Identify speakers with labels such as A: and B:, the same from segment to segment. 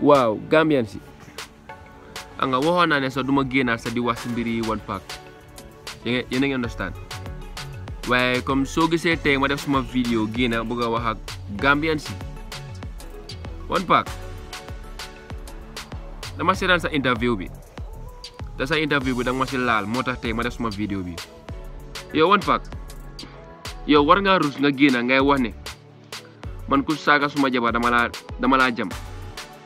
A: Wow, gambian si anga waxoon naa ne so duma gena sa di wax mbiri one pack yéen a ngi understand waaye comme soo gisee te ma def suma video gena buga wax ak gambian si one pack dama seetaan sa interview bi da sa interview bi dang ma si lal moo tax tey ma def suma video bi Yo one pack Yo war nga rus nga gena ngay wax ne man ku saga suma jaba dama la dama la jam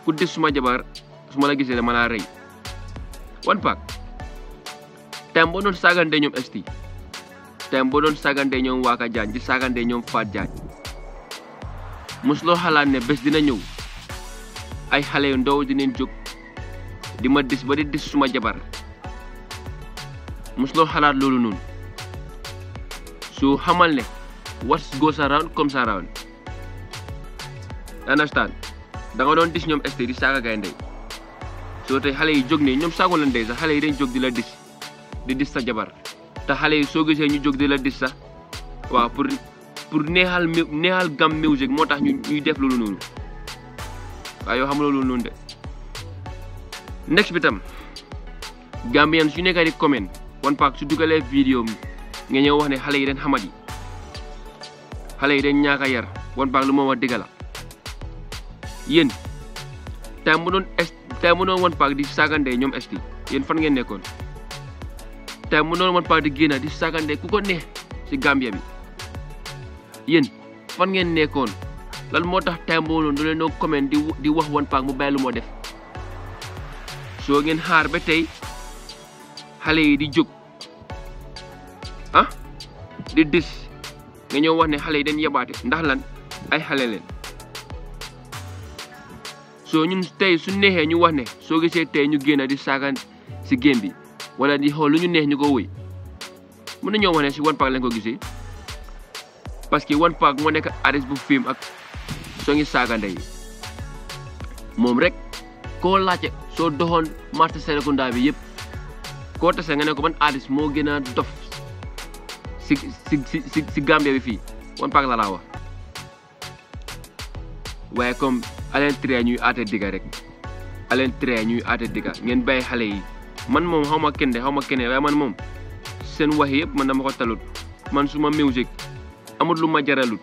A: kudde suma jabar suma lagi gisee ma la rey one pack time non sagande ñom st time non sagande ñom waka jaan di sagande ñom fa jaan muslo halane ne dina ñew ay xale yu di neen juk di ma dis ba di dis suma jabar muslo halat lolu noonu su xamal ne what goes around comes around understand da nga doon dis ñom esté di saga gay ndey so tay xalé yi jog ne ñom sagu lan ndey sa xalé yi dañ jog di la dis di dis sa jabar ta xalé yi so gisee ñu jog di la dis sa wa pour pour neexal neexal gam music moo tax ñuy def lolu noonu wa yo xam lolu de next bitam gambian su nekka di comment one pak su dugale video mi nga ñew wax ne xalé yi den xalé yi den ñaaka yar one pak lu mo wa digala Yen. tamunon mu est mu doon wan paak di sagan de est esti yéen fan ngeen nekkon tamunon mu wan paak di gina di sagan ku ko ne si Gambia bi yen fan ngeen nekkon lan moo tax tey boo comment di di wax wan pak mu bàyyi lu def so ngeen haar ba tay xale yi di juk ah di dis nga wax ne xale yi den yebaate ndax lan ay xale leen soo ñun tey su neexee ñu wax ne soo gisee tey ñu génn di saaga si game bi wala di xool lu ñu neex ñu ko wëy mën nañoo wax ne si One Pac lañ ko gisee parce que One moo nekk artiste bu fiim ak soo ngi saaga ndey moom rek koo laajte soo doxoon marché Serekunda bi yëpp koo tase nga ne ko ban artiste moo gën a dof si si si si Gambia bi fii One Pac la laa wax. waaye comme Alain Traoré ñuy aate digga rek Alain Traoré ñuy aate digga ngeen bàyyi xale yi man moom xaw ma kenn de xaw ma kenn waaye man moom seen wax yëpp man dama ko talut man suma musique amut lu ma jaralut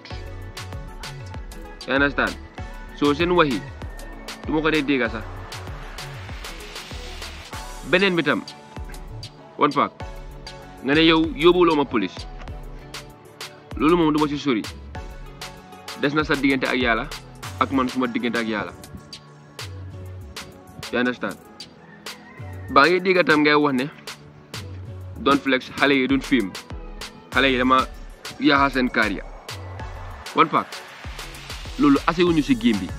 A: understand soo seen wax yi du ko dee dégga sax beneen bi tam one faak nga ne yow yóbbuloo ma police loolu moom du ma ci sori des na sa diggante ak yàlla ak man suma diggante ak yalla you understand ba di digatam ngay wax ne don't Flex xalé yi film xalé yi dama yaaxa sen carrière one pack lolu assé wuñu ci gembi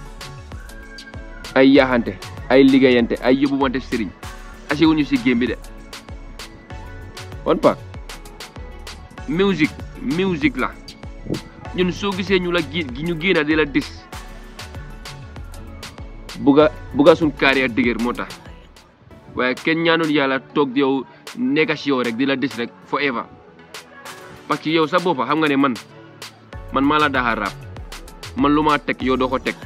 A: ay yahante ay ligayante ay yóbbuwante ya serigne assé wuñu ci gembi de one pack music music la ñun so gisé ñu la gi ñu di la dis buga buga sun carrière digger motax waye ken ñaanul yalla tok yow nekk yow rek di dis rek forever parce que yow sa boppa xam nga ne man man mala la rap man luma tek yow doko tek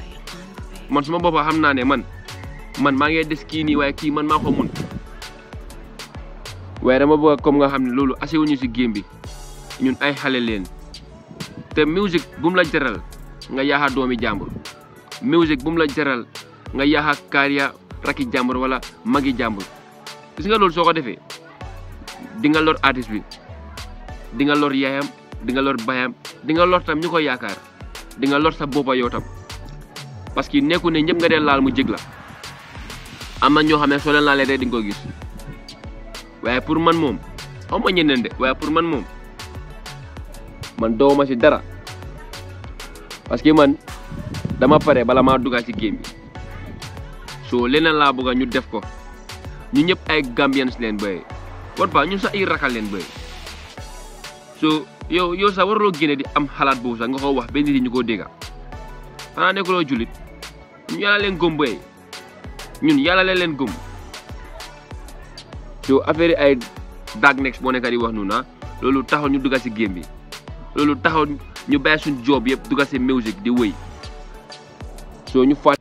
A: man suma boppa xam na ne man man ma ngay dis ki ni waye ki man mun waye dama bëgg comme nga xam lolu assé wuñu si game bi ñun ay xalé leen te music bu mu la jaral nga yaaxa doomi jambur music bu mu la jaral nga yaha karya raki jambur wala magi jambur gis nga lol soko defé di nga lor artiste bi di nga lor yayam di nga lor bayam di nga lor tam ñuko yaakar di nga lor sa bopa yow tam parce que neeku ne ñëpp nga dee laal mu jigla amna ño xamé so xam la soo leen di nga gis waye pour man mom xawma ñeneen de waye pour man mom man doow dara parce que man dama paré bala ma dugga ci game bi so leneen laa bëgg ñu def ko ñu ñëpp ay Gambians leen bay war ba ñun sax ay rakal leen bay so yow yow sax waraloo génne di am xalaat boobu sax nga ko wax benn nit ñu ko dégga xanaa nekkuloo jullit ñun yàlla leen gëm bay ñun yàlla leen leen gëm so affaire ay dag next moo nekk di wax noonu ah. loolu taxaw ñu dugga si game bi loolu taxaw ñu bàyyi suñ job yëpp dugga si music di wéy so ñu fàtt